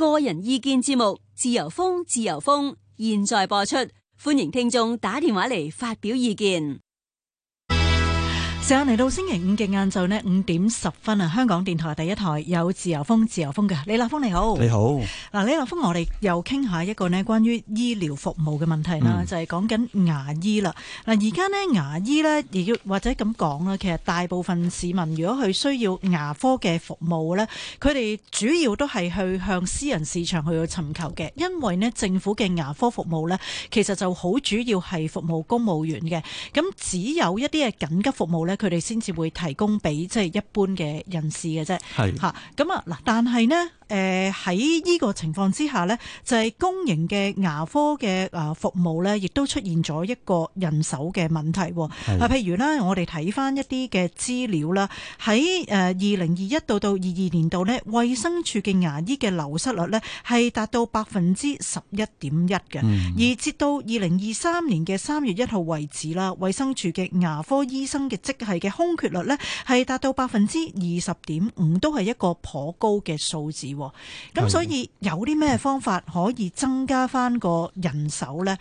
個人意見節目，自由風，自由風，現在播出，歡迎聽眾打電話嚟發表意見。時間嚟到星期五嘅晏晝呢，五點十分啊，香港電台第一台有自由風，自由風嘅李立峰你好，你好。嗱，李立峰我哋又傾下一個呢關於醫療服務嘅問題啦，嗯，就係講緊牙醫啦。嗱，而家呢，牙醫呢，亦或者咁講啦，其實大部分市民如果去需要牙科嘅服務呢，佢哋主要都係去向私人市場去尋求嘅，因為呢政府嘅牙科服務呢，其實就好主要係服務公務員嘅。咁只有一啲嘅緊急服務佢哋先至會提供俾即係一般嘅人士嘅啫，係吓咁啊。嗱，但係咧，誒喺呢個情況之下咧，就係、是、公營嘅牙科嘅誒服務咧，亦都出現咗一個人手嘅問題。啊，譬如咧，我哋睇返一啲嘅資料啦，喺誒二零二一到到二二年度咧，衛生署嘅牙醫嘅流失率咧，係達到百分之十一點一嘅，而截至到二零二三年嘅三月一號為止啦，衛生署嘅牙科醫生嘅職系嘅空缺率呢係達到百分之二十點五，都係一個頗高嘅數字。咁所以有啲咩方法可以增加翻個人手呢？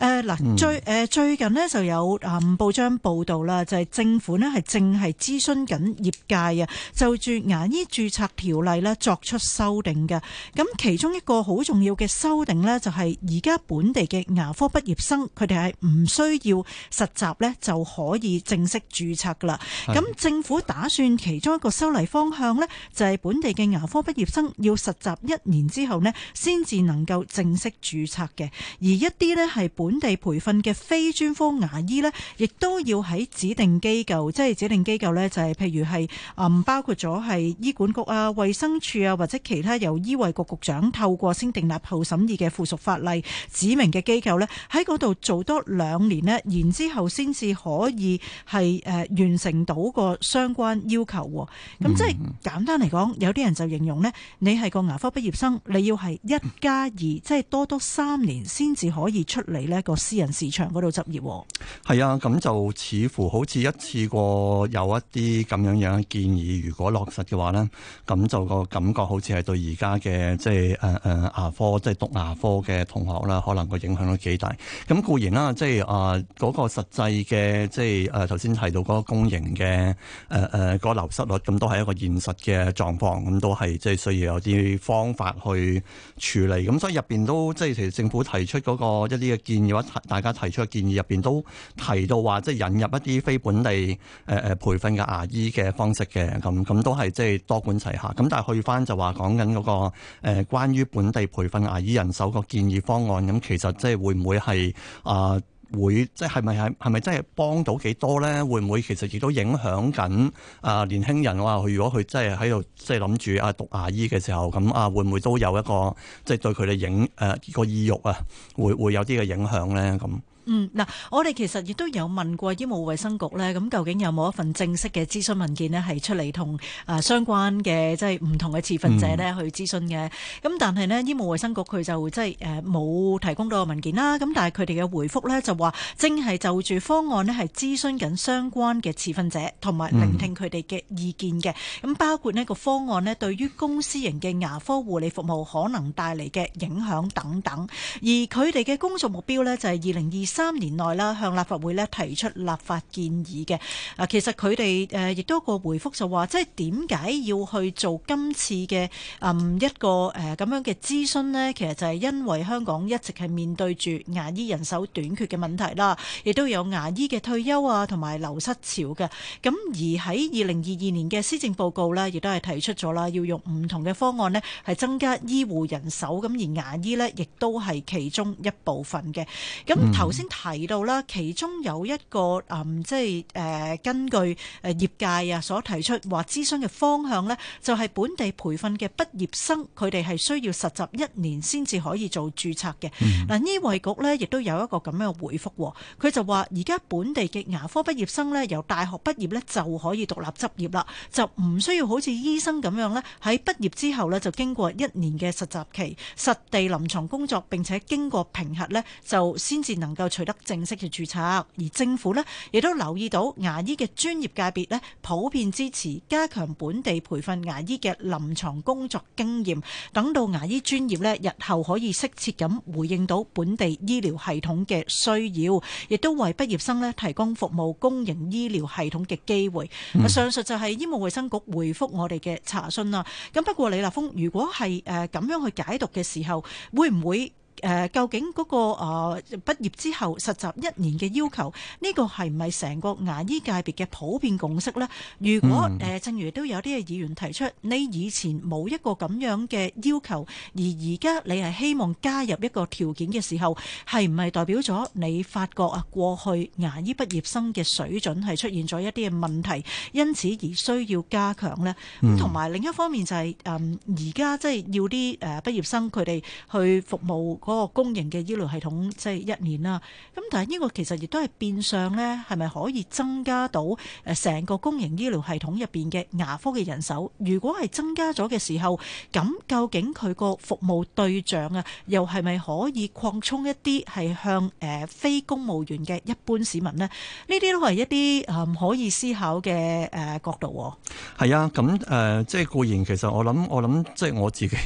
誒、嗯、嗱，最誒最近呢就有報章報道啦，就係、是、政府呢係正係諮詢緊業界啊，就住牙醫註冊條例呢作出修訂嘅。咁其中一個好重要嘅修訂呢就係而家本地嘅牙科畢業生，佢哋係唔需要實習呢就可以正式註冊噶啦。咁政府打算其中一個修例方向呢就係本地嘅牙科畢業生要實習一年之後呢先至能夠正式註冊嘅。而一啲呢係本本地培訓嘅非專科牙醫呢，亦都要喺指定機構，即係指定機構呢、就是，就係譬如係誒，包括咗係醫管局啊、衛生署啊，或者其他由醫衛局局長透過先訂立後審議嘅附屬法例指明嘅機構呢，喺嗰度做多兩年呢，然後之後先至可以係誒、呃、完成到個相關要求。咁即係簡單嚟講，有啲人就形容呢：「你係個牙科畢業生，你要係一加二，即係多多三年先至可以出嚟。呢一個私人市場嗰度執業，係啊，咁就似乎好似一次過有一啲咁樣樣嘅建議，如果落實嘅話咧，咁就個感覺好似係對而家嘅即係誒誒牙科即係讀牙科嘅同學啦，可能個影響都幾大。咁固然啦，即係啊嗰個實際嘅即係誒頭先提到嗰個公營嘅誒誒個流失率咁都係一個現實嘅狀況，咁都係即係需要有啲方法去處理。咁所以入邊都即係其實政府提出嗰個一啲嘅建議而話大家提出嘅建議入邊都提到話，即係引入一啲非本地誒誒培訓嘅牙醫嘅方式嘅，咁咁都係即係多管齊下。咁但係去翻就話講緊嗰個誒關於本地培訓牙醫人手個建議方案，咁其實即係會唔會係啊？呃會即係咪係係咪真係幫到幾多咧？會唔會其實亦都影響緊啊年輕人嘅話佢、啊、如果佢真係喺度即係諗住啊讀牙醫嘅時候，咁啊會唔會都有一個即係、就是、對佢哋影誒、啊這個意欲啊，會會有啲嘅影響咧咁。啊嗯，嗱，我哋其實亦都有問過醫務衛生局咧，咁究竟有冇一份正式嘅諮詢文件咧，係出嚟同誒相關嘅即係唔同嘅持份者咧去諮詢嘅？咁、嗯、但係咧，醫務衛生局佢就即係誒冇提供到個文件啦。咁但係佢哋嘅回覆咧就話正係就住方案咧係諮詢緊相關嘅持份者，同埋聆聽佢哋嘅意見嘅。咁、嗯、包括呢、呢個方案咧對於公私營嘅牙科護理服務可能帶嚟嘅影響等等。而佢哋嘅工作目標咧就係二零二。三年內啦，向立法會咧提出立法建議嘅。啊，其實佢哋誒亦都個回覆就話，即係點解要去做今次嘅嗯一個誒咁、呃、樣嘅諮詢呢？其實就係因為香港一直係面對住牙醫人手短缺嘅問題啦，亦都有牙醫嘅退休啊同埋流失潮嘅。咁而喺二零二二年嘅施政報告呢，亦都係提出咗啦，要用唔同嘅方案呢，係增加醫護人手。咁而牙醫呢亦都係其中一部分嘅。咁、嗯、頭先。先提到啦，其中有一個誒，即係誒根據誒業界啊所提出話諮詢嘅方向咧，就係本地培訓嘅畢業生佢哋係需要實習一年先至可以做註冊嘅。嗱，醫衞局咧亦都有一個咁樣嘅回覆，佢就話而家本地嘅牙科畢業生咧，由大學畢業咧就可以獨立執業啦，就唔需要好似醫生咁樣咧喺畢業之後咧就經過一年嘅實習期、實地臨牀工作並且經過評核咧就先至能夠取得正式嘅註冊，而政府咧亦都留意到牙醫嘅專業界別咧普遍支持加強本地培訓牙醫嘅臨床工作經驗，等到牙醫專業咧日後可以適切咁回應到本地醫療系統嘅需要，亦都為畢業生咧提供服務公營醫療系統嘅機會。嗯。上述就係醫務衛生局回覆我哋嘅查詢啦。咁不過李立峰，如果係誒咁樣去解讀嘅時候，會唔會。誒，究竟嗰個誒畢業之後實習一年嘅要求，呢個係唔係成個牙醫界別嘅普遍共識呢？如果誒，mm. 正如都有啲議員提出，你以前冇一個咁樣嘅要求，而而家你係希望加入一個條件嘅時候，係唔係代表咗你發覺啊過去牙醫畢業生嘅水準係出現咗一啲嘅問題，因此而需要加強呢？同、mm. 埋另一方面就係誒，而家即係要啲誒畢業生佢哋去服務。個公營嘅醫療系統即係一年啦，咁但係呢個其實亦都係變相咧，係咪可以增加到誒成個公營醫療系統入邊嘅牙科嘅人手？如果係增加咗嘅時候，咁究竟佢個服務對象啊，又係咪可以擴充一啲係向誒非公務員嘅一般市民咧？呢啲都係一啲唔可以思考嘅誒角度。係啊，咁誒、呃、即係固然其實我諗我諗即係我自己，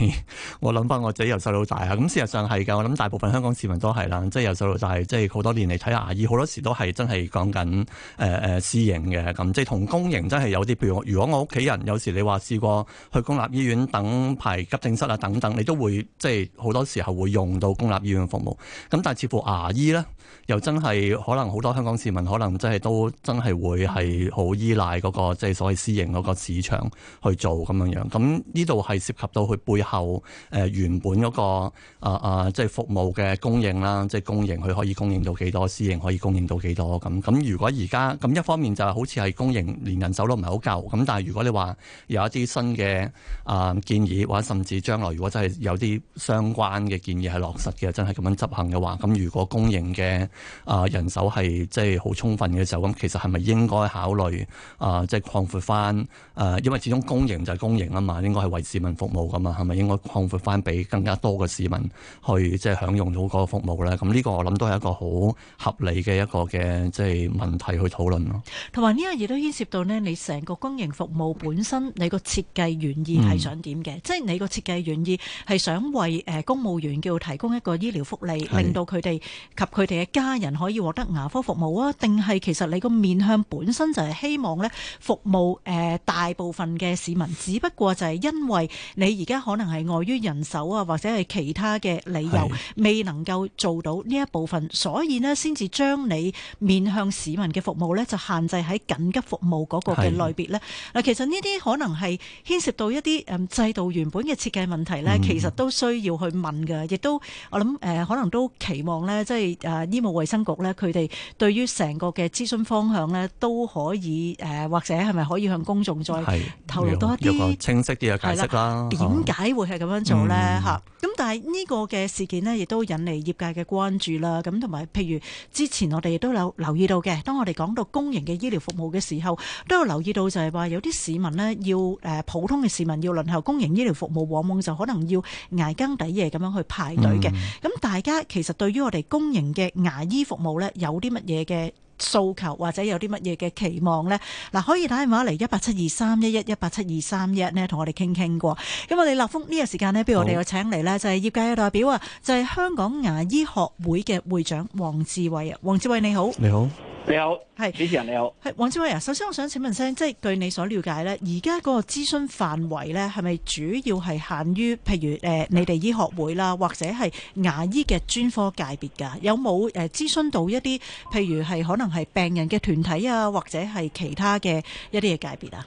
我諗翻我自己由細到大啊，咁事實上係。我諗大部分香港市民都係啦，即係由細路大，即係好多年嚟睇牙醫，好多時都係真係講緊誒誒私營嘅咁，即係同公營真係有啲，譬如，如果我屋企人有時你話試過去公立醫院等排急症室啊等等，你都會即係好多時候會用到公立醫院服務。咁但係似乎牙醫咧，又真係可能好多香港市民可能真係都真係會係好依賴嗰個即係所謂私營嗰個市場去做咁樣樣。咁呢度係涉及到佢背後誒原本嗰個啊啊即係。服務嘅供應啦，即係公營佢可以供應到幾多？私營可以供應到幾多？咁咁，如果而家咁一方面就係好似係公營連人手都唔係好夠，咁但係如果你話有一啲新嘅啊建議，或者甚至將來如果真係有啲相關嘅建議係落實嘅，真係咁樣執行嘅話，咁如果公營嘅啊人手係即係好充分嘅時候，咁其實係咪應該考慮啊，即係擴闊翻啊？因為始終公營就係公營啊嘛，應該係為市民服務噶嘛，係咪應該擴闊翻俾更加多嘅市民去？即係享用到個服務咧，咁呢個我諗都係一個好合理嘅一個嘅即係問題去討論咯。同埋呢樣嘢都牽涉到咧，你成個公營服務本身你個設計原意係想點嘅？即係，嗯，你個設計原意係想為誒公務員叫提供一個醫療福利，令到佢哋及佢哋嘅家人可以獲得牙科服務啊？定係其實你個面向本身就係希望咧服務誒大部分嘅市民，只不過就係因為你而家可能係礙於人手啊，或者係其他嘅理由。未能夠做到呢一部分，所以咧先至將你面向市民嘅服務咧就限制喺緊急服務嗰個嘅類別咧。嗱，其實呢啲可能係牽涉到一啲誒制度原本嘅設計問題咧，其實都需要去問嘅，亦、嗯、都我諗誒、呃、可能都期望咧，即係誒醫務衛生局咧，佢哋對於成個嘅諮詢方向咧都可以誒、呃、或者係咪可以向公眾再透露多一啲清晰啲嘅解釋啦？點解會係咁樣做咧？吓、嗯，咁、啊、但係呢個嘅事件呢亦都引嚟業界嘅關注啦。咁同埋，譬如之前我哋都有留意到嘅，當我哋講到公營嘅醫療服務嘅時候，都有留意到就係話有啲市民呢要，誒普通嘅市民要輪候公營醫療服務往往就可能要挨更抵夜咁樣去排隊嘅。咁、嗯、大家其實對於我哋公營嘅牙醫服務呢有啲乜嘢嘅？訴求或者有啲乜嘢嘅期望呢？嗱、啊，可以打電話嚟一八七二三一一一八七二三一呢，同我哋傾傾過。咁我哋立峰呢、這個時間不如我哋又請嚟呢就係、是、業界嘅代表啊，就係、是、香港牙醫學會嘅會長王志偉啊。王志偉你好，你好。你好，係主持人你好，係王志偉啊。首先我想請問聲，即、就、係、是，據你所了解咧，而家嗰個諮詢範圍咧，係咪主要係限於，譬如誒、呃，你哋醫學會啦，或者係牙醫嘅專科界別噶？有冇誒諮詢到一啲，譬如係可能係病人嘅團體啊，或者係其他嘅一啲嘅界別啊？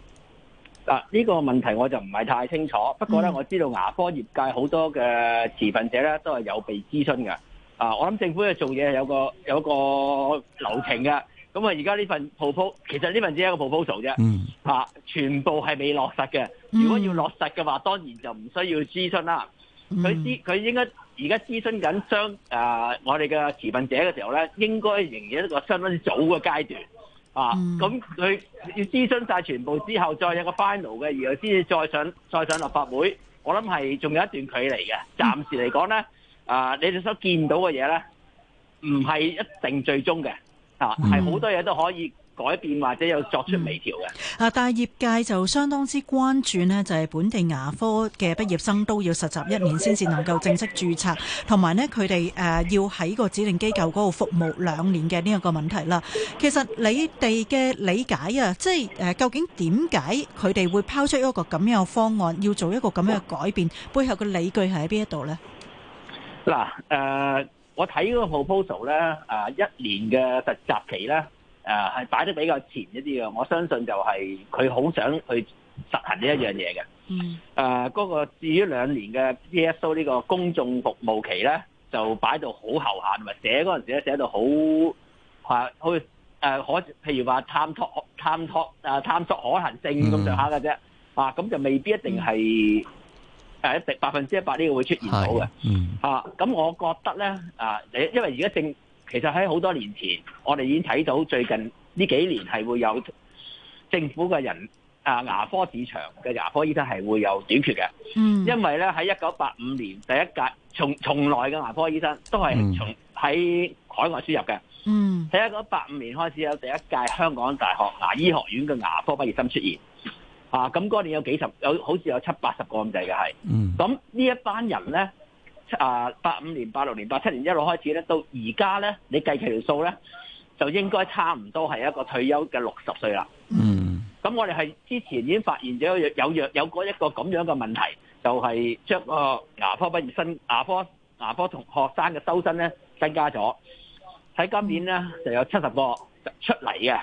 嗱，呢個問題我就唔係太清楚，不過咧、嗯、我知道牙科業界好多嘅持份者咧都係有被諮詢噶。啊！我諗政府嘅做嘢有個有個流程嘅，咁啊而家呢份 proposal，其實呢份只係一個 proposal 啫、啊，全部係未落實嘅。如果要落實嘅話，當然就唔需要諮詢啦。佢知佢應該而家諮詢緊相誒我哋嘅持份者嘅時候咧，應該仍然一個相當之早嘅階段啊。咁、嗯、佢、嗯、要諮詢晒全部之後，再有一個 final 嘅，然後先至再上再上立法會。我諗係仲有一段距離嘅，暫時嚟講咧。嗯啊！你哋所見到嘅嘢呢，唔係一定最終嘅啊，係好多嘢都可以改變或者有作出微調嘅啊。但係業界就相當之關注呢，就係本地牙科嘅畢業生都要實習一年先至能夠正式註冊，同埋呢佢哋誒要喺個指定機構嗰度服務兩年嘅呢一個問題啦。其實你哋嘅理解啊，即係誒究竟點解佢哋會拋出一個咁樣嘅方案，要做一個咁樣嘅改變，背後嘅理據係喺邊一度呢？嗱，誒，我睇嗰個 proposal 咧，誒，一年嘅實習期咧，誒、啊，係擺得比較前一啲嘅，我相信就係佢好想去實行呢一樣嘢嘅。嗯、啊。誒，嗰個至於兩年嘅 P.S.O 呢個公眾服務期咧，就擺到好後限。同埋寫嗰陣時咧，寫到好嚇，去誒可譬如話探索、探索、誒探索可行性咁上下嘅啫。啊，咁、啊啊嗯啊、就未必一定係，係一百分之一百呢個會出現到嘅，咁、嗯啊、我覺得咧，啊，你因為而家正其實喺好多年前，我哋已經睇到最近呢幾年係會有政府嘅人啊牙科市場嘅牙科醫生係會有短缺嘅、嗯，因為咧喺一九八五年第一屆從從來嘅牙科醫生都係從喺海外輸入嘅，喺一九八五年開始有第一屆香港大學牙醫學院嘅牙科畢業生出現。啊！咁、那、嗰、個年有幾十有，好似有七八十個咁滯嘅係。咁呢、嗯、一班人咧，七啊八五年、八六年、八七年一路開始咧，到而家咧，你計條數咧，就應該差唔多係一個退休嘅六十歲啦。嗯。咁我哋係之前已經發現咗有有有嗰一個咁樣嘅問題，就係、是、將個、呃、牙科畢業生牙科牙科同學生嘅收生咧增加咗。喺今年咧就有七十個出嚟嘅，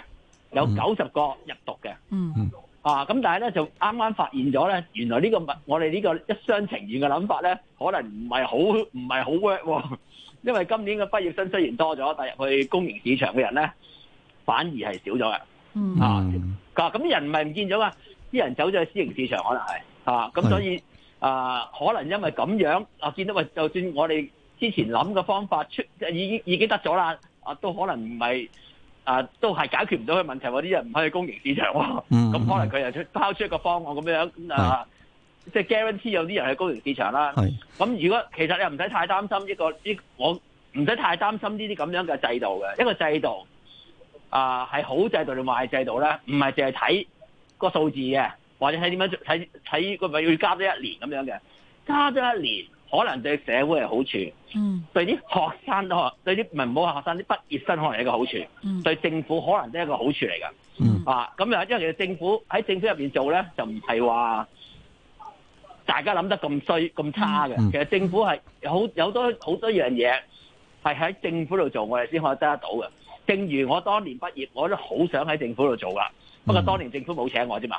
有九十個入讀嘅。嗯。嗯嗯啊，咁但係咧就啱啱發現咗咧，原來呢、呢個物我哋呢個一廂情願嘅諗法咧，可能唔係好唔係好 work 喎。因為今年嘅畢業生雖然多咗，但入去公營市場嘅人咧反而係少咗嘅、啊。嗯啊，咁人唔係唔見咗啊，啲人走咗去私營市場，可能係啊，咁所以啊，可能因為咁樣啊，見到話就算我哋之前諗嘅方法出已經已經得咗啦，啊，都可能唔係。啊，都係解決唔到佢問題，嗰啲人唔可以公營市場喎、啊。咁、嗯嗯嗯、可能佢又出拋出一個方案咁樣，啊，即係 guarantee 有啲人喺公營市場啦、啊。咁如果其實你又唔使太擔心一個，一個我唔使太擔心呢啲咁樣嘅制度嘅一個制度啊，係好制度定壞制度咧？唔係淨係睇個數字嘅，或者睇點樣睇睇個咪要加多一年咁樣嘅，加多一年。可能對社會係好處，嗯、對啲學生都學，對啲唔好話學生啲畢業生可能係一個好處、嗯，對政府可能都係一個好處嚟噶、嗯。啊，咁又因為其實政府喺政府入邊做咧，就唔係話大家諗得咁衰咁差嘅、嗯。其實政府係有好有多好多樣嘢係喺政府度做，我哋先可以得得到嘅。正如我當年畢業，我都好想喺政府度做㗎。不過當年政府冇請我啫嘛、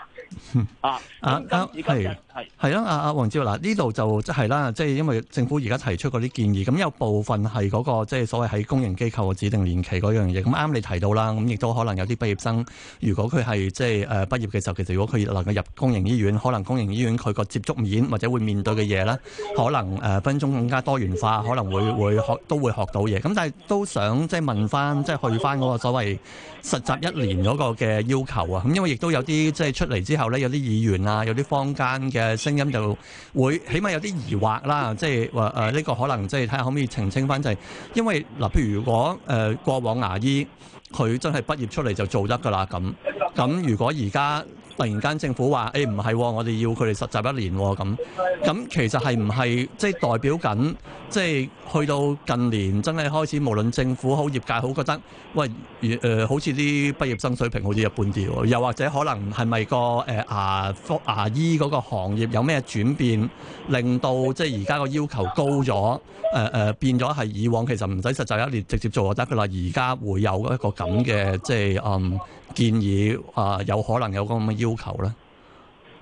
嗯，啊，咁係係啦，阿阿王椒嗱呢度就即係啦，即係因為政府而家提出嗰啲建議，咁有部分係嗰、那個即係、就是、所謂喺公營機構嘅指定年期嗰樣嘢，咁啱你提到啦，咁亦都可能有啲畢業生，如果佢係即係誒畢業嘅時候，其實如果佢能夠入公營醫院，可能公營醫院佢個接觸面或者會面對嘅嘢咧，可能誒分鐘更加多元化，可能會會學都會學到嘢。咁但係都想即係問翻，即係去翻嗰個所謂實習一年嗰個嘅要求。咁因為亦都有啲即係出嚟之後咧，有啲議員啊，有啲坊間嘅聲音就會起碼有啲疑惑啦，即係話誒呢個可能即係睇下可唔可以澄清翻就係、是，因為嗱、呃，譬如如果誒、呃、過往牙醫佢真係畢業出嚟就做得噶啦咁，咁如果而家突然間政府話誒唔係，我哋要佢哋實習一年咁、哦，咁其實是是，係唔係即係代表緊？即係去到近年，真係開始無論政府好、業界好，覺得喂，呃、好似啲畢業生水平好似一般啲，又或者可能係咪個誒牙牙醫嗰個行業有咩轉變，令到即係而家個要求高咗？誒、呃呃、變咗係以往其實唔使實習一年直接做就得嘅啦，而家會有一個咁嘅即係嗯建議啊、呃，有可能有個咁嘅要求咧？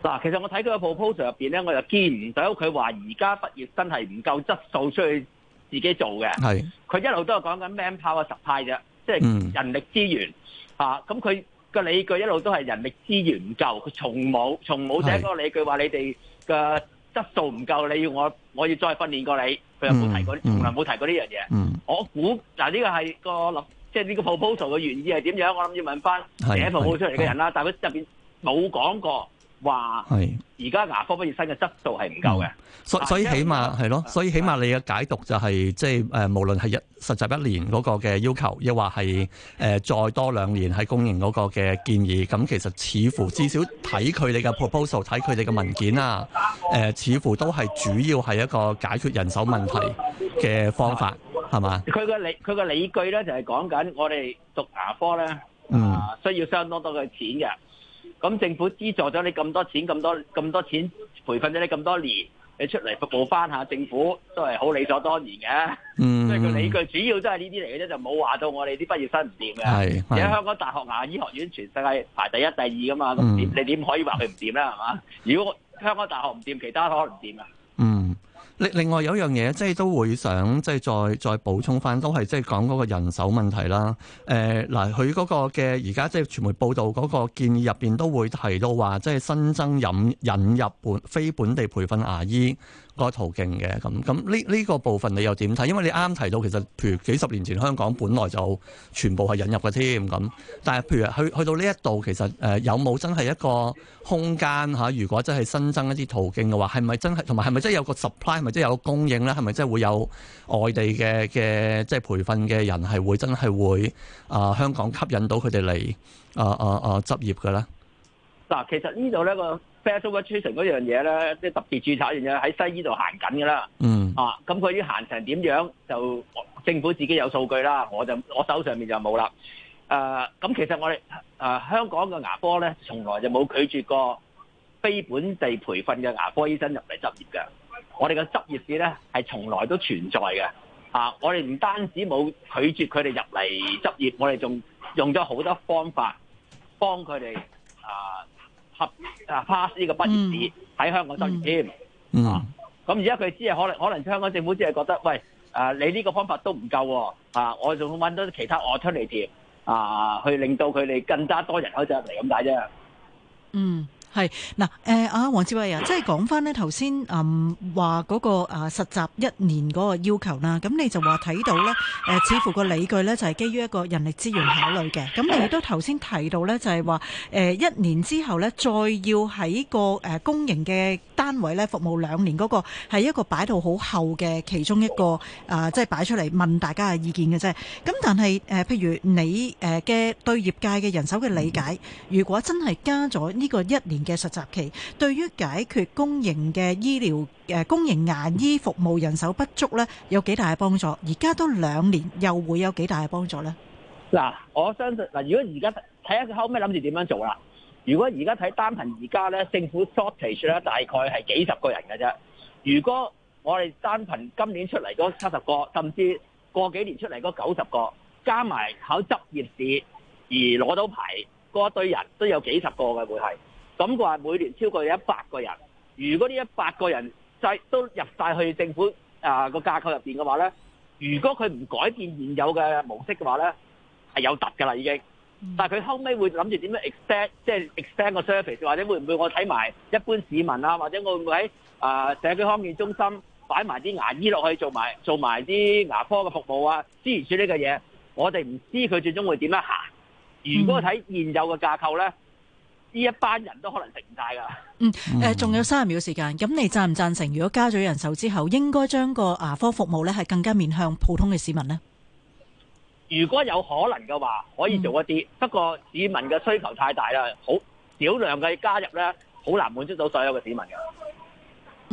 嗱，其實我睇佢個 proposal 入面咧，我又見唔到佢話而家畢業真係唔夠質素出去自己做嘅。係，佢一路都係講緊 manpower 啊、十派嘅，即係人力資源。咁佢個理據一路都係人力資源唔夠，佢從冇從冇寫個理據話你哋嘅質素唔夠，你要我我要再訓練過你。佢又冇提過，嗯、從來冇提過呢樣嘢。我估嗱，呢、啊這個係個即係呢個 proposal 嘅原意係點樣？我諗要問翻寫 proposal 出嚟嘅人啦。但佢入面冇講過。話係而家牙科畢業生嘅質素係唔夠嘅，所、嗯、所以起碼係咯、啊，所以起碼你嘅解讀就係即係誒，無論係一實習一年嗰個嘅要求，亦或係誒再多兩年喺公營嗰個嘅建議，咁其實似乎至少睇佢哋嘅 proposal，睇佢哋嘅文件啊，誒、呃，似乎都係主要係一個解決人手問題嘅方法，係嘛？佢個理佢個理據咧，就係講緊我哋讀牙科咧，啊、呃，需要相當多嘅錢嘅。咁政府資助咗你咁多錢，咁多咁多錢培訓咗你咁多年，你出嚟服務翻下政府都係好理所當然嘅。嗯，即係佢理據主要都係呢啲嚟嘅啫，就冇話到我哋啲畢業生唔掂嘅。係，而家香港大學牙醫學院全世界排第一、第二㗎嘛，咁你點、嗯、可以話佢唔掂啦？係嘛？如果香港大學唔掂，其他可能唔掂啊。另另外有一樣嘢，即係都會想即係再再補充返，都係即係講嗰個人手問題啦。誒嗱，佢嗰個嘅而家即係傳媒報道嗰個建議入邊都會提到話，即係新增引引入本非本地培訓牙醫。個途徑嘅，咁咁呢呢個部分你又點睇？因為你啱啱提到其實，譬如幾十年前香港本來就全部係引入嘅添咁。但係譬如去去到呢一度，其實誒有冇真係一個空間嚇？如果真係新增一啲途徑嘅話，係咪真係同埋係咪真係有個 supply 係咪真係有個供應咧？係咪真係會有外地嘅嘅即係培訓嘅人係會真係會啊、呃、香港吸引到佢哋嚟啊啊啊執業嘅咧？嗱，其實這裡呢度呢個。f a c e 非洲一出現嗰樣嘢咧，即係特別註冊一樣嘢喺西醫度行緊㗎啦。嗯啊，咁佢啲行成點樣就政府自己有數據啦，我就我手上面就冇啦。誒、啊，咁、啊、其實我哋誒、啊、香港嘅牙科咧，從來就冇拒絕過非本地培訓嘅牙科醫生入嚟執業嘅。我哋嘅執業試咧係從來都存在嘅。啊，我哋唔單止冇拒絕佢哋入嚟執業，我哋仲用咗好多方法幫佢哋啊。啊！pass 呢個畢業紙喺香港就業添，咁而家佢只係可能，可能香港政府只係覺得，喂，誒、啊，你呢個方法都唔夠、啊，啊，我仲搵多啲其他 alternative 啊，去令到佢哋更加多人可以入嚟咁解啫。嗯。係嗱，誒、呃、啊，王志偉啊，即係講翻呢頭先嗯話嗰個誒實習一年嗰個要求啦，咁你就話睇到呢，誒、呃，似乎個理據呢就係、是、基於一個人力資源考慮嘅。咁你都頭先提到呢，就係話誒一年之後呢，再要喺個誒公營嘅單位呢服務兩年嗰、那個係一個擺到好後嘅其中一個誒，即、呃、係、就是、擺出嚟問大家嘅意見嘅啫。咁但係誒、呃，譬如你嘅對業界嘅人手嘅理解，如果真係加咗呢個一年，嘅實習期對於解決公營嘅醫療誒公營牙醫服務人手不足咧，有幾大嘅幫助？而家都兩年，又會有幾大嘅幫助咧？嗱，我相信嗱。如果而家睇下佢後尾諗住點樣做啦？如果而家睇單憑而家咧，政府 shortage 咧，大概係幾十個人㗎啫。如果我哋單憑今年出嚟嗰七十個，甚至過幾年出嚟嗰九十個，加埋考執業試而攞到牌嗰一堆人都有幾十個嘅，會係。咁佢話每年超過有一百個人，如果呢一百個人都入曬去政府啊個架構入面嘅話咧，如果佢唔改變現有嘅模式嘅話咧，係有突㗎喇已經。但佢後尾會諗住點樣 expand，即係 expand 個 service，或者會唔會我睇埋一般市民啊，或者我會唔會喺社區康健中心擺埋啲牙醫落去做埋做埋啲牙科嘅服務啊、之椅處理嘅嘢？我哋唔知佢最終會點樣行。如果睇現有嘅架構咧？呢一班人都可能食唔晒㗎。嗯，誒、呃，仲有三十秒時間。咁你贊唔贊成？如果加咗人手之後，應該將個牙科服務咧係更加面向普通嘅市民呢？如果有可能嘅話，可以做一啲。嗯、不過市民嘅需求太大啦，好少量嘅加入咧，好難滿足到所有嘅市民嘅。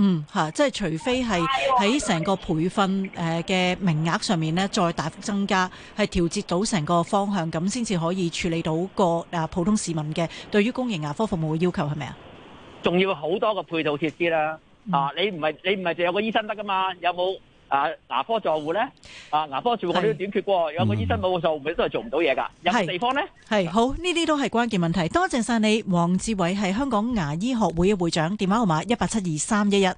嗯，嚇、啊，即係除非係喺成個培訓誒嘅名額上面咧，再大幅增加，係調節到成個方向咁，先至可以處理到個啊普通市民嘅對於公營牙、啊、科服務嘅要求係咪啊？仲要好多個配套設施啦，啊，你唔係你唔係淨有個醫生得㗎嘛？有冇？啊！牙科助護咧，啊！牙科助護都要短缺過，有個醫生冇助護你都係做唔到嘢噶。有冇地方咧？係，好，呢啲都係關鍵問題。多謝晒你，王志偉係香港牙醫學會嘅會長，電話號碼一八七二三一一。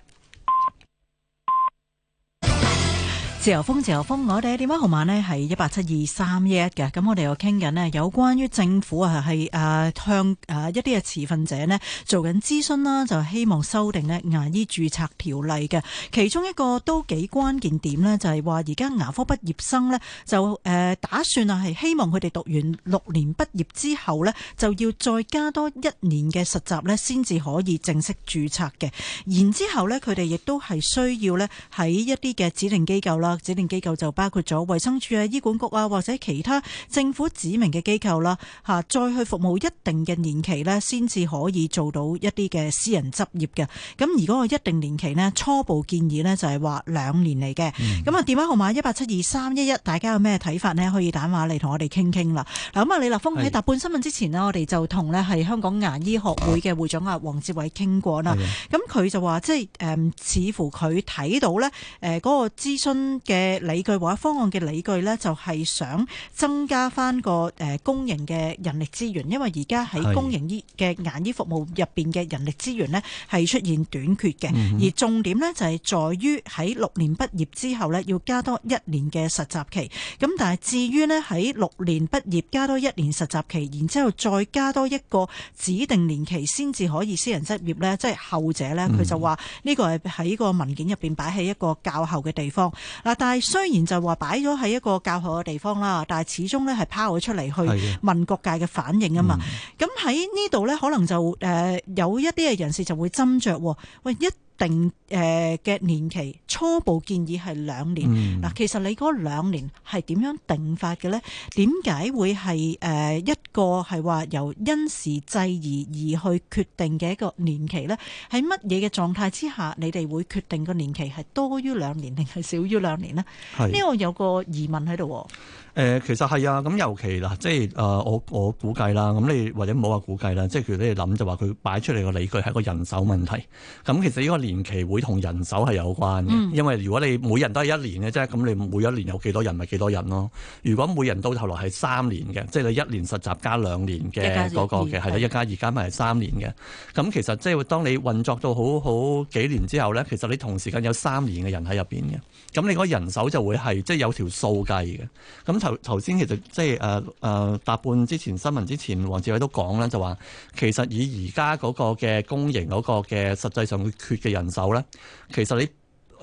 自由風，自由風，我哋嘅電話號碼呢係一八七二三一一嘅。咁我哋又傾緊呢，有關於政府啊，係、呃、向啊、呃、一啲嘅持份者呢做緊諮詢啦，就希望修訂呢牙醫註冊條例嘅。其中一個都幾關鍵點呢，就係話而家牙科畢業生呢，就、呃、誒打算啊係希望佢哋讀完六年畢業之後呢，就要再加多一年嘅實習呢，先至可以正式註冊嘅。然之後呢，佢哋亦都係需要呢，喺一啲嘅指定機構啦。指定機構就包括咗衞生署啊、醫管局啊，或者其他政府指明嘅機構啦。嚇，再去服務一定嘅年期呢，先至可以做到一啲嘅私人執業嘅。咁如果個一定年期呢，初步建議呢就係話兩年嚟嘅。咁啊電話號碼一八七二三一一，大家有咩睇法呢？可以打電話嚟同我哋傾傾啦。嗱咁啊李立峰喺答半新聞之前呢，我哋就同呢係香港牙醫學會嘅會長啊王志偉傾過啦。咁佢就話即係誒、呃，似乎佢睇到呢誒嗰個諮詢。嘅理據或者方案嘅理據咧，就係想增加翻個誒公營嘅人力資源，因為而家喺公營醫嘅牙醫服務入邊嘅人力資源咧係出現短缺嘅。而重點咧就係在於喺六年畢業之後咧要加多一年嘅實習期。咁但係至於咧喺六年畢業加多一年實習期，然之後再加多一個指定年期先至可以私人執業咧，即係後者咧，佢就話呢個係喺個文件入邊擺喺一個較後嘅地方。但係雖然就話擺咗喺一個教學嘅地方啦，但係始終咧係拋咗出嚟去問各界嘅反應啊嘛。咁喺呢度咧，可能就誒有一啲嘅人士就會斟酌。喂一。定誒嘅年期初步建議係兩年，嗱，嗯，其實你嗰兩年係點樣定法嘅咧？點解會係誒一個係話由因時制宜而去決定嘅一個年期咧？喺乜嘢嘅狀態之下，你哋會決定個年期係多於兩年定係少於兩年咧？係呢個有個疑問喺度。誒，呃、其實係啊，咁尤其、呃、啦，啦，即係誒我我估計啦，咁你或者唔好話估計啦，即係譬如你哋諗就話佢擺出嚟個理據係一個人手問題，咁其實呢個年年期會同人手係有關嘅，因為如果你每人都係一年嘅啫，咁你每一年有幾多人咪幾多人咯。如果每人到頭來係三年嘅，即係你一年實習加兩年嘅嗰個嘅係啦，一加二加咪係三年嘅。咁其實即係當你運作到好好幾年之後咧，其實你同時間有三年嘅人喺入邊嘅，咁你個人手就會係即係有條數計嘅。咁頭頭先其實即係誒誒答半之前新聞之前，王志偉都講啦，就話其實以而家嗰個嘅公營嗰個嘅實際上缺嘅。人手咧，其實你誒、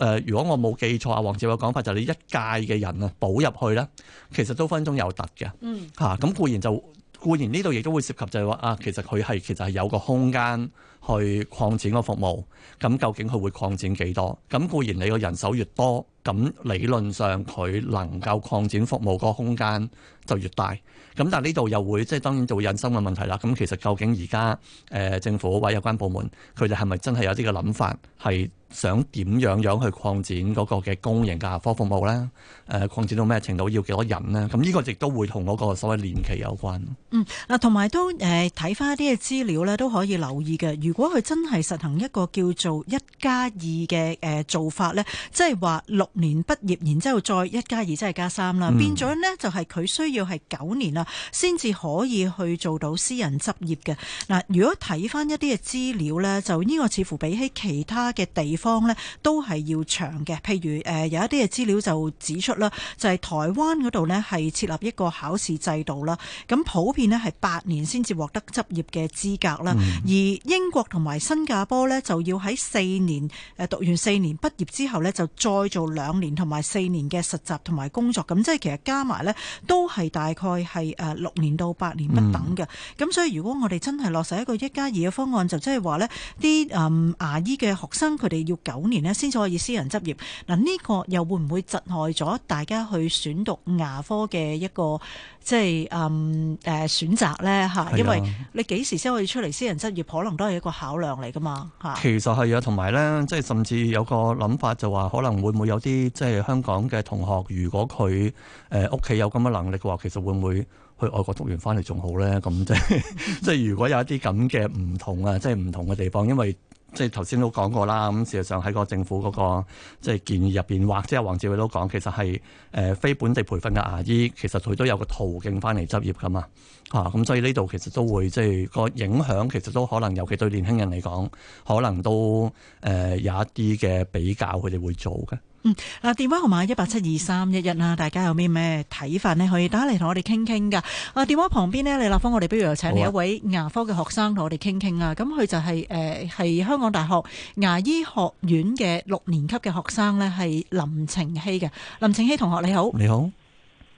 呃，如果我冇記錯王，阿王志偉講法就係、是、你一屆嘅人啊，補入去咧，其實都分分鐘有突嘅。嗯，嚇、啊，咁固然就固然呢度亦都會涉及就係話啊，其實佢係其實係有個空間去擴展個服務。咁究竟佢會擴展幾多？咁固然你個人手越多，咁理論上佢能夠擴展服務個空間就越大。咁但呢度又會即係當然做引申嘅問題啦。咁其實究竟而家誒，政府或者有關部門，佢哋係咪真係有啲嘅諗法係想點樣樣去擴展嗰個嘅公營牙科服務咧？誒，擴展到咩程度要多少人呢？要幾多人咧？咁呢個亦都會同嗰個所謂年期有關。嗯，嗱，同埋都誒睇翻一啲嘅資料咧，都可以留意嘅。如果佢真係實行一個叫做一加二嘅誒做法咧，即係話六年畢業，然之後再一加二，即係加三啦，變咗咧就係佢需要係九年啦，先至可以去做到私人執業嘅。嗱、呃，如果睇翻一啲嘅資料咧，就呢個似乎比起其他嘅地方。方呢都係要長嘅，譬如誒、呃、有一啲嘅資料就指出啦，就係、是、台灣嗰度呢係設立一個考試制度啦，咁普遍呢係八年先至獲得執業嘅資格啦、嗯。而英國同埋新加坡呢，就要喺四年誒、呃、讀完四年畢業之後呢，就再做兩年同埋四年嘅實習同埋工作，咁即係其實加埋呢，都係大概係六年到八年不等嘅。咁、嗯、所以如果我哋真係落實一個一加二嘅方案，就即係話呢啲誒牙醫嘅學生佢哋。要九年呢先至可以私人執業。嗱，呢個又會唔會窒礙咗大家去選讀牙科嘅一個即係誒、嗯、選擇呢？吓，因為你幾時先可以出嚟私人執業，可能都係一個考量嚟噶嘛。吓，其實係啊，同埋呢，即係甚至有個諗法就話、是，可能會唔會有啲即係香港嘅同學，如果佢誒屋企有咁嘅能力嘅話，其實會唔會去外國讀完翻嚟仲好呢？咁即係即係， 如果有一啲咁嘅唔同啊，即係唔同嘅地方，因為。即係頭先都講過啦，咁事實上喺個政府嗰個即係建議入面，或者阿王志偉都講，其實係誒非本地培訓嘅牙醫，其實佢都有個途徑翻嚟執業噶嘛。咁、啊、所以呢度其實都會即係、就是、個影響，其實都可能尤其對年輕人嚟講，可能都、呃、有一啲嘅比較，佢哋會做嘅。嗯，嗱，電話號碼一八七二三一一啦，大家有咩咩睇法呢？可以打嚟同我哋傾傾噶。啊，電話旁邊呢，李立峯，我哋不如又請嚟一位牙科嘅學生同我哋傾傾啊。咁佢就係誒係香港大學牙醫學院嘅六年級嘅學生呢，係林晴晞嘅。林晴晞同學你好，你好。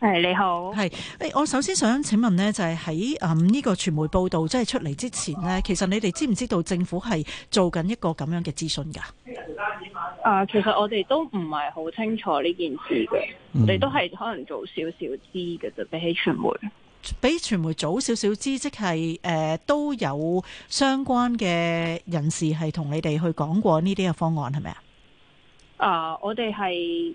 係你好。係，誒，我首先想請問呢，就係喺誒呢個傳媒報道即係出嚟之前呢，其實你哋知唔知道政府係做緊一個咁樣嘅諮詢㗎？啊，其實我哋都唔係好清楚呢件事嘅，我哋都係可能早少少知嘅就比起傳媒，嗯、比傳媒早少少知即係誒、呃、都有相關嘅人士係同你哋去講過呢啲嘅方案係咪啊？啊，我哋係。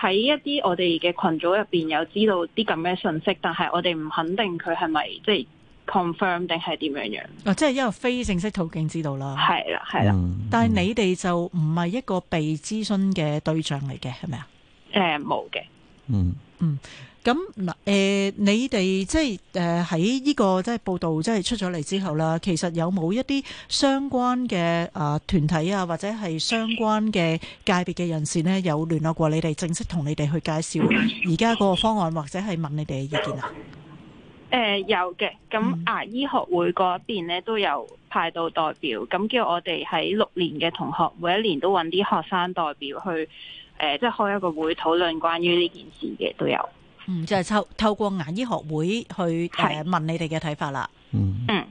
喺一啲我哋嘅群組入邊有知道啲咁嘅信息，但係我哋唔肯定佢係咪即係 confirm 定係點樣樣啊、哦？即係一個非正式途徑知道啦。係啦，係啦、嗯嗯。但係你哋就唔係一個被諮詢嘅對象嚟嘅，係咪啊？誒、呃，冇嘅。嗯嗯。咁嗱，誒、呃，你哋即係誒喺呢個即係報道即係出咗嚟之後啦，其實有冇一啲相關嘅啊團體啊，或者係相關嘅界別嘅人士咧，有聯絡過你哋，正式同你哋去介紹而家嗰個方案，或者係問你哋嘅意見啊？誒、呃，有嘅。咁牙醫學會嗰邊咧都有派到代表，咁叫我哋喺六年嘅同學每一年都揾啲學生代表去，誒、呃，即係開一個會討論關於呢件事嘅都有。嗯，就係、是、透透過牙醫學會去誒問你哋嘅睇法啦。嗯嗯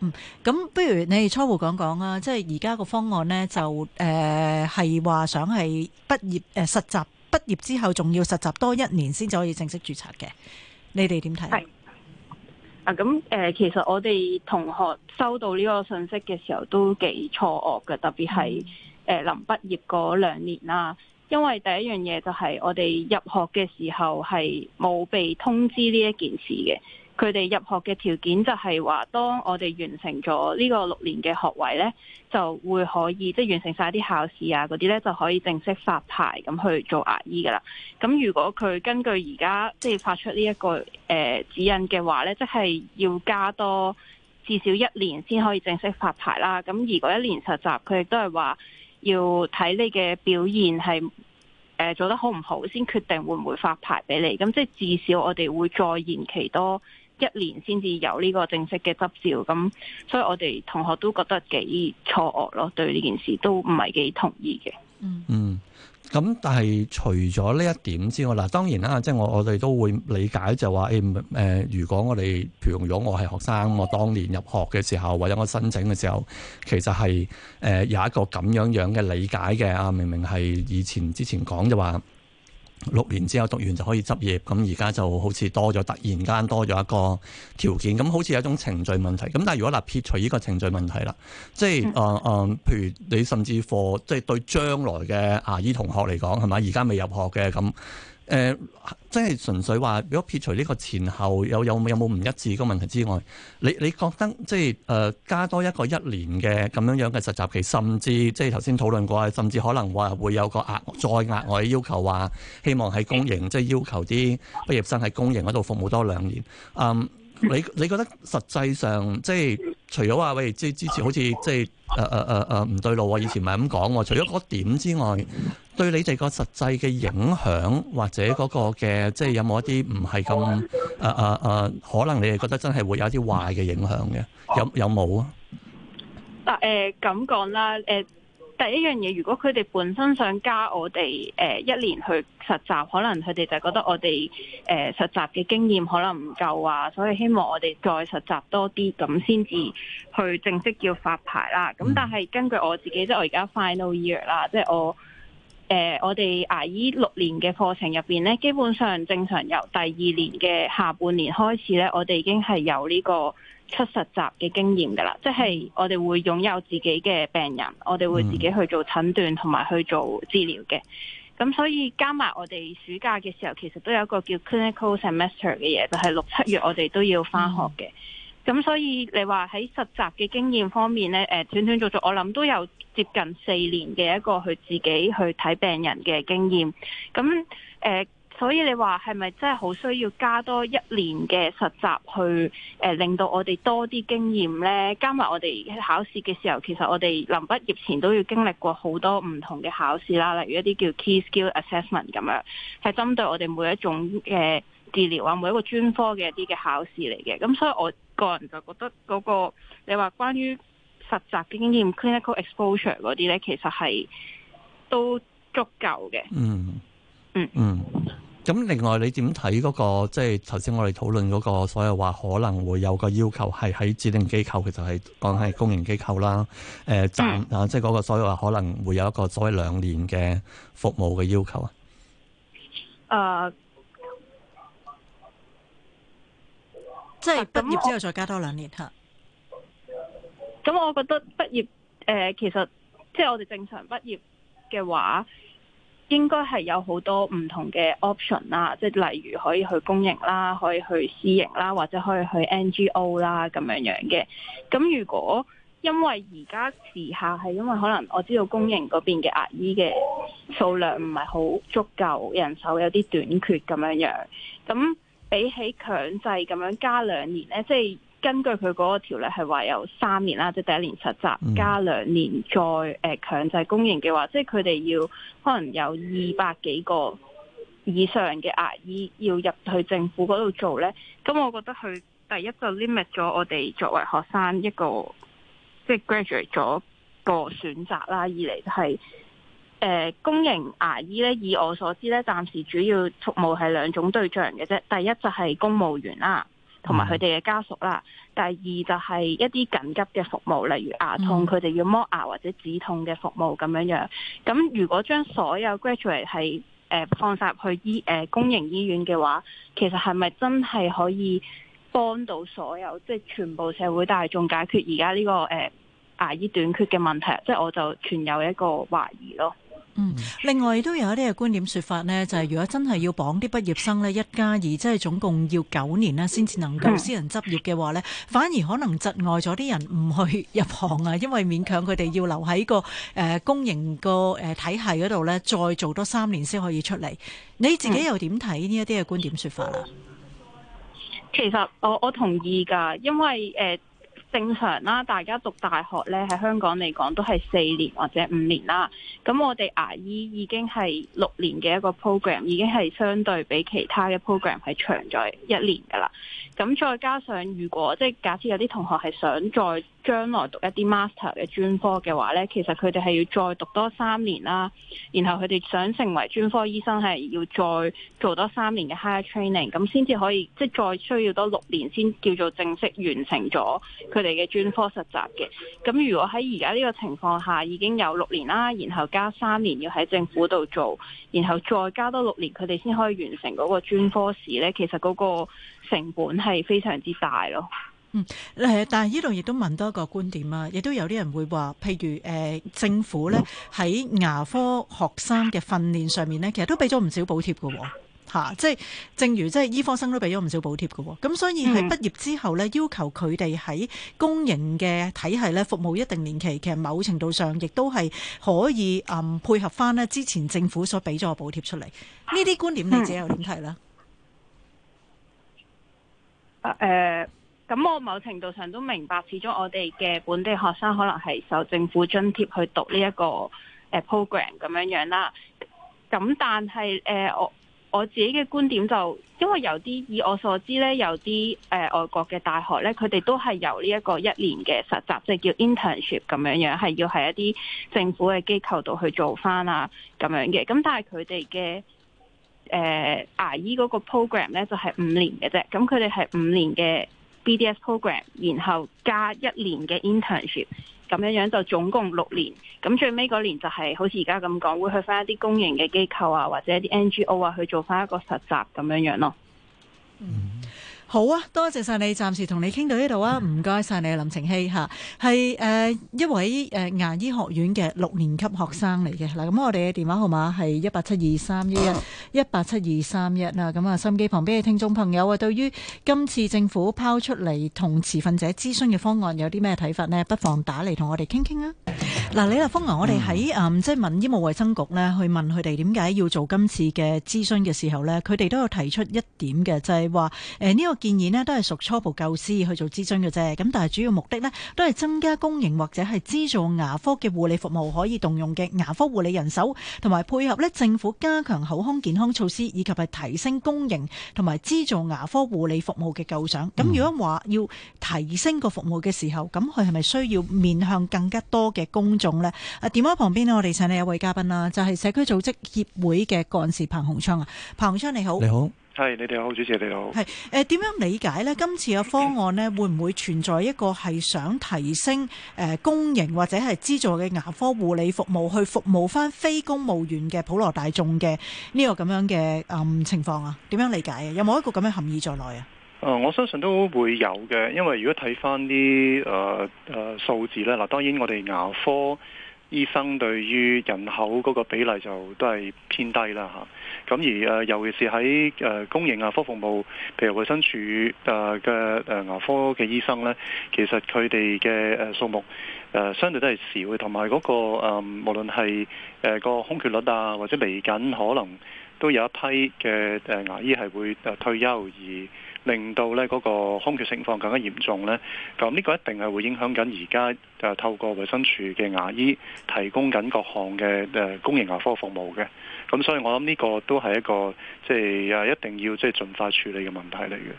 嗯，咁不如你哋初步講講啊，即係而家個方案呢，就誒係話想係畢業誒實習，畢業之後仲要實習多一年先至可以正式註冊嘅。你哋點睇？係啊，咁誒，其實我哋同學收到呢個信息嘅時候都幾錯愕嘅，特別係誒臨畢業嗰兩年啦。因為第一樣嘢就係我哋入學嘅時候係冇被通知呢一件事嘅，佢哋入學嘅條件就係話當我哋完成咗呢個六年嘅學位呢，就會可以即係完成晒啲考試啊嗰啲呢，就可以正式發牌咁去做牙醫噶啦。咁如果佢根據而家即係發出呢一個誒指引嘅話呢，即係要加多至少一年先可以正式發牌啦。咁如果一年實習，佢亦都係話。要睇你嘅表現係誒做得好唔好，先決定會唔會發牌俾你，咁即係至少我哋會再延期多一年先至有呢個正式嘅執照，咁所以我哋同學都覺得幾錯愕咯，對呢件事都唔係幾同意嘅。嗯。咁但係除咗呢一點之外，嗱，當然啦，即係我我哋都會理解就話誒，如果我哋譬如講我係學生，我當年入學嘅時候或者我申請嘅時候，其實係誒有一個咁樣樣嘅理解嘅啊，明明係以前之前講就話。六年之後讀完就可以執業，咁而家就好似多咗，突然間多咗一個條件，咁好似係一種程序問題。咁但係如果立撇除呢個程序問題啦，即係誒誒，譬如你甚至乎即係對將來嘅牙、啊、醫同學嚟講，係咪而家未入學嘅咁。誒、呃，即係純粹話，如果撇除呢個前後有有冇有冇唔一致嘅問題之外，你你覺得即係誒、呃、加多一個一年嘅咁樣樣嘅實習期，甚至即係頭先討論過，甚至可能話會有個額再額外嘅要求，話希望喺公營，即係要求啲畢業生喺公營嗰度服務多兩年。嗯、呃，你你覺得實際上即係除咗話喂，即係之前好似即係誒誒誒唔對路喎，以前唔係咁講喎，除咗嗰點之外。對你哋個實際嘅影響，或者嗰個嘅，即係有冇一啲唔係咁誒誒誒，可能你哋覺得真係會有一啲壞嘅影響嘅，有有冇啊？嗱、呃，誒咁講啦，誒、呃、第一樣嘢，如果佢哋本身想加我哋誒、呃、一年去實習，可能佢哋就覺得我哋誒、呃、實習嘅經驗可能唔夠啊，所以希望我哋再實習多啲，咁先至去正式叫發牌啦。咁但係根據我自己，即係我而家 final year 啦，即係我。誒、呃，我哋牙醫六年嘅課程入邊咧，基本上正常由第二年嘅下半年開始咧，我哋已經係有呢個出實習嘅經驗噶啦，即係我哋會擁有自己嘅病人，我哋會自己去做診斷同埋去做治療嘅。咁所以加埋我哋暑假嘅時候，其實都有一個叫 clinical semester 嘅嘢，就係、是、六七月我哋都要返學嘅。咁所以你話喺實習嘅經驗方面咧，誒，斷斷續續我諗都有接近四年嘅一個去自己去睇病人嘅經驗。咁誒、呃，所以你話係咪真係好需要加多一年嘅實習去誒，令到我哋多啲經驗咧？加埋我哋考試嘅時候，其實我哋臨畢業前都要經歷過好多唔同嘅考試啦，例如一啲叫 key skill assessment 咁樣，係針對我哋每一種嘅治療啊，每一個專科嘅一啲嘅考試嚟嘅。咁所以我個人就覺得嗰、那個你話關於實習經驗 clinical exposure 嗰啲咧，其實係都足夠嘅。嗯嗯嗯。咁、嗯、另外你點睇嗰個，即係頭先我哋討論嗰個，所有話可能會有個要求係喺指定機構，其實係講係公營機構啦。誒、呃，暫、嗯、啊，即係嗰個所謂話可能會有一個所謂兩年嘅服務嘅要求啊。啊。即係畢業之後再加多兩年吓、啊，咁我，我覺得畢業誒、呃，其實即係我哋正常畢業嘅話，應該係有好多唔同嘅 option 啦，即係例如可以去公營啦，可以去私營啦，或者可以去 NGO 啦咁樣樣嘅。咁如果因為而家時下係因為可能我知道公營嗰邊嘅牙醫嘅數量唔係好足夠，人手有啲短缺咁樣樣，咁。比起強制咁樣加兩年呢，即係根據佢嗰個條例係話有三年啦，即係第一年實習加兩年再誒強制公營嘅話，即係佢哋要可能有二百幾個以上嘅壓力要入去政府嗰度做呢，咁我覺得佢第一就 limit 咗我哋作為學生一個即係 graduate 咗個選擇啦，二嚟就係。誒、呃，公營牙醫咧，以我所知咧，暫時主要服務係兩種對象嘅啫。第一就係公務員啦，同埋佢哋嘅家屬啦。第二就係一啲緊急嘅服務，例如牙痛，佢哋要剝牙或者止痛嘅服務咁樣樣。咁、嗯、如果將所有 graduate 係誒、呃、放晒去醫誒、呃、公營醫院嘅話，其實係咪真係可以幫到所有即係、就是、全部社會大眾解決而家呢個誒、呃、牙醫短缺嘅問題？即、就、係、是、我就全有一個懷疑咯。嗯，另外都有一啲嘅觀點說法呢，就係、是、如果真係要綁啲畢業生呢，一加二，即係總共要九年咧，先至能夠私人執業嘅話呢、嗯，反而可能窒礙咗啲人唔去入行啊，因為勉強佢哋要留喺個誒、呃、公營個誒體系嗰度呢，再做多三年先可以出嚟。你自己又點睇呢一啲嘅觀點說法啊、嗯？其實我我同意噶，因為誒。呃正常啦，大家讀大學呢喺香港嚟講都係四年或者五年啦。咁我哋牙醫已經係六年嘅一個 program，已經係相對比其他嘅 program 係長咗一年㗎啦。咁再加上，如果即係假設有啲同學係想再將來讀一啲 master 嘅專科嘅話呢，其實佢哋係要再讀多三年啦，然後佢哋想成為專科醫生係要再做多三年嘅 higher training，咁先至可以即係再需要多六年先叫做正式完成咗佢哋嘅專科實習嘅。咁如果喺而家呢個情況下已經有六年啦，然後加三年要喺政府度做，然後再加多六年佢哋先可以完成嗰個專科時呢，其實嗰個成本係非常之大咯。嗯，但係呢度亦都問多個觀點啦。亦都有啲人會話，譬如誒、呃，政府咧喺牙科學生嘅訓練上面咧，其實都俾咗唔少補貼噶，吓、啊，即係正如即係醫科生都俾咗唔少補貼噶，咁所以喺畢業之後咧，要求佢哋喺公營嘅體系咧服務一定年期，其實某程度上亦都係可以、嗯、配合翻咧之前政府所俾咗嘅補貼出嚟。呢啲觀點，你自己又點睇呢？誒、嗯。啊呃咁我某程度上都明白，始終我哋嘅本地學生可能係受政府津貼去讀呢一個 program 咁樣樣啦。咁但係誒我我自己嘅觀點就，因為有啲以我所知咧，有啲誒外國嘅大學咧，佢哋都係由呢一個一年嘅實習，即係叫 internship 咁樣樣，係要喺一啲政府嘅機構度去做翻啊咁樣嘅。咁但係佢哋嘅誒牙醫嗰個 program 咧，就係五年嘅啫。咁佢哋係五年嘅。BDS program 然後加一年嘅 internship，咁樣樣就總共六年。咁最尾嗰年就係好似而家咁講，會去翻一啲公營嘅機構啊，或者一啲 NGO 啊去做翻一個實習咁樣樣咯。嗯。好啊，多謝晒你，暫時同你傾到呢度啊，唔該晒你啊，林晴晞。吓，係誒一位誒、呃、牙醫學院嘅六年級學生嚟嘅嗱，咁我哋嘅電話號碼係一八七二三一一，一八七二三一啦，咁啊收音機旁邊嘅聽眾朋友啊，對於今次政府拋出嚟，同持份者諮詢嘅方案有啲咩睇法呢？不妨打嚟同我哋傾傾啊。嗱，李立峰啊，我哋喺誒即係問醫務衛生局咧，去問佢哋點解要做今次嘅諮詢嘅時候咧，佢哋都有提出一點嘅，就係話誒呢個建議咧都係屬初步構思去做諮詢嘅啫。咁但係主要目的咧都係增加公營或者係資助牙科嘅護理服務可以動用嘅牙科護理人手，同埋配合咧政府加強口腔健康措施以及係提升公營同埋資助牙科護理服務嘅構想。咁、嗯、如果話要提升個服務嘅時候，咁佢係咪需要面向更加多嘅公仲咧，電話旁邊咧，我哋請嚟一位嘉賓啦，就係、是、社區組織協會嘅幹事彭鴻昌啊。彭鴻昌你好，你好，係你哋好，好，主席，你、呃、好，係誒點樣理解呢？今次嘅方案咧，會唔會存在一個係想提升誒、呃、公營或者係資助嘅牙科護理服務，去服務翻非公務員嘅普羅大眾嘅呢個咁樣嘅誒、嗯、情況啊？點樣理解啊？有冇一個咁樣的含義在內啊？我相信都會有嘅，因為如果睇翻啲誒誒數字咧，嗱當然我哋牙科醫生對於人口嗰個比例就都係偏低啦嚇。咁、啊、而誒，尤其是喺誒、呃、公營牙、啊、科服務，譬如衞生署誒嘅誒牙科嘅醫生咧，其實佢哋嘅誒數目誒、呃、相對都係少嘅，同埋嗰個誒、呃、無論係誒個空缺率啊，或者嚟緊可能都有一批嘅誒牙醫係會誒退休而。令到咧嗰個空缺情況更加嚴重咧，咁呢個一定係會影響緊而家誒透過衞生署嘅牙醫提供緊各項嘅誒公營牙科服務嘅，咁所以我諗呢個都係一個即係誒一定要即係盡快處理嘅問題嚟嘅。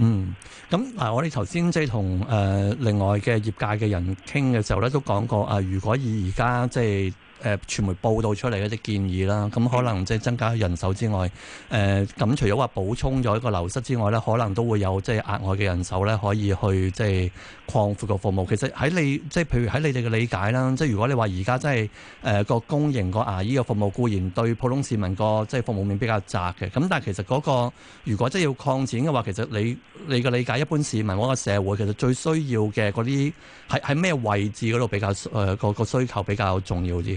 嗯，咁嗱我哋頭先即係同誒另外嘅業界嘅人傾嘅時候咧，都講過啊，如果以而家即係，就是誒、呃、傳媒報道出嚟一啲建議啦，咁可能即係增加人手之外，誒、呃、咁除咗話補充咗一個流失之外咧，可能都會有即係額外嘅人手咧，可以去即係擴闊個服務。其實喺你即係譬如喺你哋嘅理解啦，即係如果你話而家即係誒個公營個牙醫個服務，固然對普通市民個即係服務面比較窄嘅，咁但係其實嗰、那個如果即係要擴展嘅話，其實你你嘅理解，一般市民嗰個社會其實最需要嘅嗰啲喺喺咩位置嗰度比較誒個、呃那個需求比較重要啲？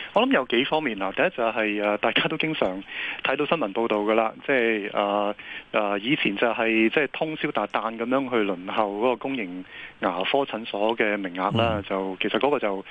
我諗有幾方面啦，第一就係、是、大家都經常睇到新聞報道㗎啦，即係誒、呃、以前就係、是、即係通宵達旦咁樣去輪候嗰個公營牙科診所嘅名額啦，mm. 就其實嗰個就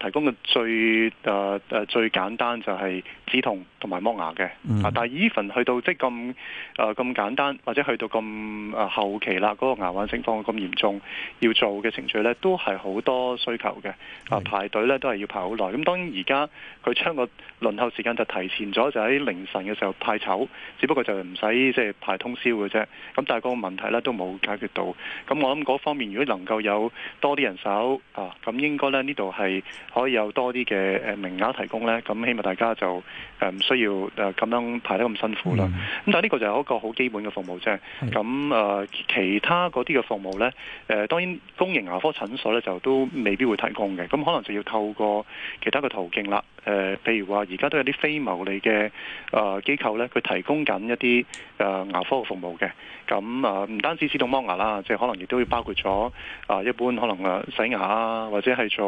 提供嘅最、呃、最簡單就係止痛同埋剝牙嘅，啊、mm. 但係 even 去到即係咁咁簡單或者去到咁後期啦，嗰、那個牙患情況咁嚴重，要做嘅程序咧都係好多需求嘅，啊、mm. 排隊咧都係要排好耐，咁當然而家，佢將個輪候時間就提前咗，就喺、是、凌晨嘅時候派籌，只不過就唔使即係排通宵嘅啫。咁但係個問題咧都冇解決到。咁我諗嗰方面如果能夠有多啲人手啊，咁應該咧呢度係可以有多啲嘅名額提供咧。咁希望大家就唔、嗯、需要咁樣排得咁辛苦啦。咁、mm -hmm. 但係呢個就係一個好基本嘅服務啫。咁、mm -hmm. 呃、其他嗰啲嘅服務咧、呃，當然公營牙科診所咧就都未必會提供嘅。咁可能就要透過其他嘅途徑啦。誒、呃，譬如話，而家都有啲非牟利嘅啊、呃、機構咧，佢提供緊一啲誒、呃、牙科嘅服務嘅。咁啊，唔、呃、單止止痛剝牙啦，即係可能亦都要包括咗啊、呃，一般可能啊洗牙啊，或者係做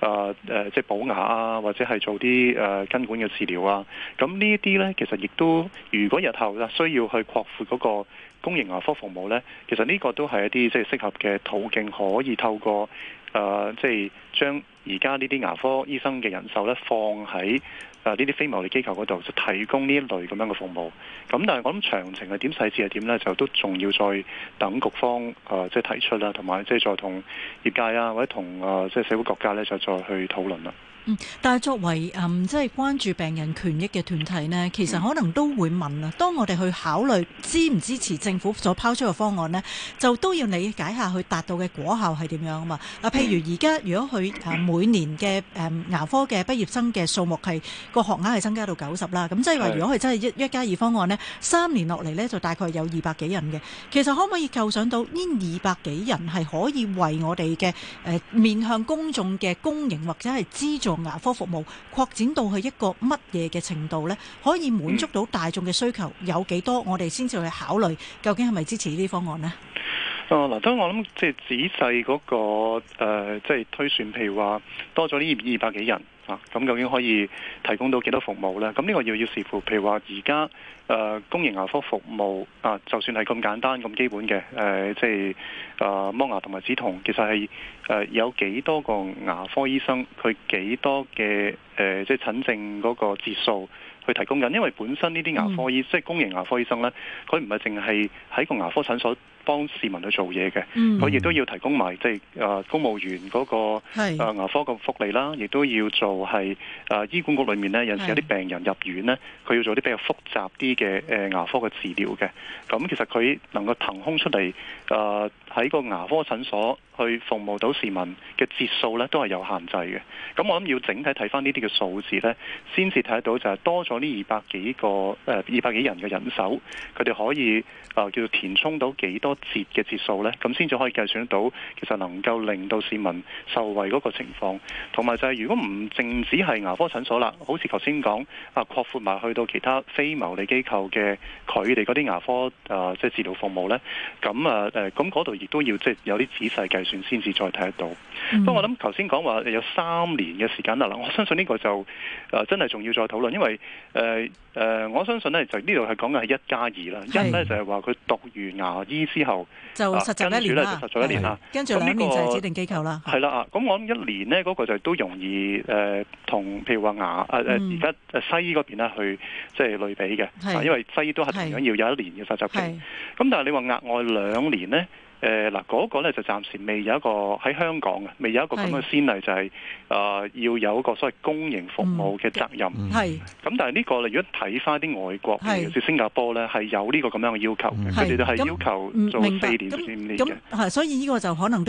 啊誒、呃呃，即係補牙啊，或者係做啲誒、呃、根管嘅治療啊。咁呢一啲咧，其實亦都如果日後啦需要去擴闊嗰個公營牙科服務咧，其實呢個都係一啲即係適合嘅途徑，可以透過。誒、呃，即係將而家呢啲牙科醫生嘅人手咧，放喺誒呢啲非牟利機構嗰度，提供呢一類咁樣嘅服務。咁但係我諗詳情係點，細節係點咧，就都仲要再等局方誒、呃、即係提出啦，同埋即係再同業界啊，或者同誒、呃、即係社會各界咧，就再去討論啦。嗯，但係作為嗯即係、就是、關注病人權益嘅團體呢，其實可能都會問啊。當我哋去考慮支唔支持政府所拋出嘅方案呢，就都要理解一下佢達到嘅果效係點樣嘛啊嘛。譬如而家如果佢每年嘅誒、嗯、牙科嘅畢業生嘅數目係個學額係增加到九十啦，咁即係話如果佢真係一一加二方案呢，三年落嚟呢，就大概有二百幾人嘅。其實可唔可以構想到呢二百幾人係可以為我哋嘅、呃、面向公眾嘅公營或者係資助牙科服務擴展到去一個乜嘢嘅程度呢？可以滿足到大眾嘅需求有幾多？我哋先至去考慮究竟係咪支持呢啲方案呢？哦，嗱，所以我諗即係仔細嗰個誒，即係推算，譬如話多咗呢二百幾人啊，咁究竟可以提供到幾多服務呢？咁呢個要要視乎，譬如話而家。誒、呃、公營牙科服務啊，就算係咁簡單咁基本嘅，誒即係誒剝牙同埋止痛，其實係誒、呃、有幾多個牙科醫生，佢幾多嘅誒即係診症嗰個節數去提供緊，因為本身呢啲牙科醫，嗯、即係公營牙科醫生咧，佢唔係淨係喺個牙科診所。幫市民去做嘢嘅，佢亦都要提供埋即係誒公務員嗰、那個誒、呃、牙科嘅福利啦，亦都要做係誒、呃、醫管局裏面咧有時有啲病人入院咧，佢要做啲比較複雜啲嘅誒牙科嘅治療嘅。咁其實佢能夠騰空出嚟誒喺個牙科診所去服務到市民嘅節數咧，都係有限制嘅。咁我諗要整體睇翻呢啲嘅數字咧，先至睇得到就係多咗呢二百幾個誒二百幾人嘅人手，佢哋可以誒、呃、叫做填充到幾多？折嘅折數呢，咁先至可以計算得到，其實能夠令到市民受惠嗰個情況，同埋就係如果唔淨止係牙科診所啦，好似頭先講啊，擴闊埋去到其他非牟利機構嘅佢哋嗰啲牙科啊、呃，即係治療服務呢，咁啊誒，咁嗰度亦都要即係有啲仔細計算先至再睇得到。不過我諗頭先講話有三年嘅時間啦，嗱，我相信呢個就誒真係仲要再討論，因為誒誒，我相信呢就呢度係講嘅係一加二啦，一呢就係話佢讀完牙醫師。之後就實習一年啦，跟住兩年，年就係指定機構啦。係啦、這個，咁我諗一年咧，嗰、那個就都容易誒，同、呃、譬如話牙誒誒，而家誒西醫嗰邊咧去即係、就是、類比嘅，因為西醫都係同樣要有一年嘅實習期。咁但係你話額外兩年咧？誒、呃，嗱、那個，嗰個咧就暫時未有一個喺香港未有一個咁嘅先例，就是，就係誒要有一個所謂公營服務嘅責任。係、嗯。咁但係呢個，如果睇翻啲外國，譬如說新加坡咧，係有呢個咁樣嘅要求嘅，佢哋都係要求做四年至五年嘅。係、嗯嗯嗯，所以呢個就可能都。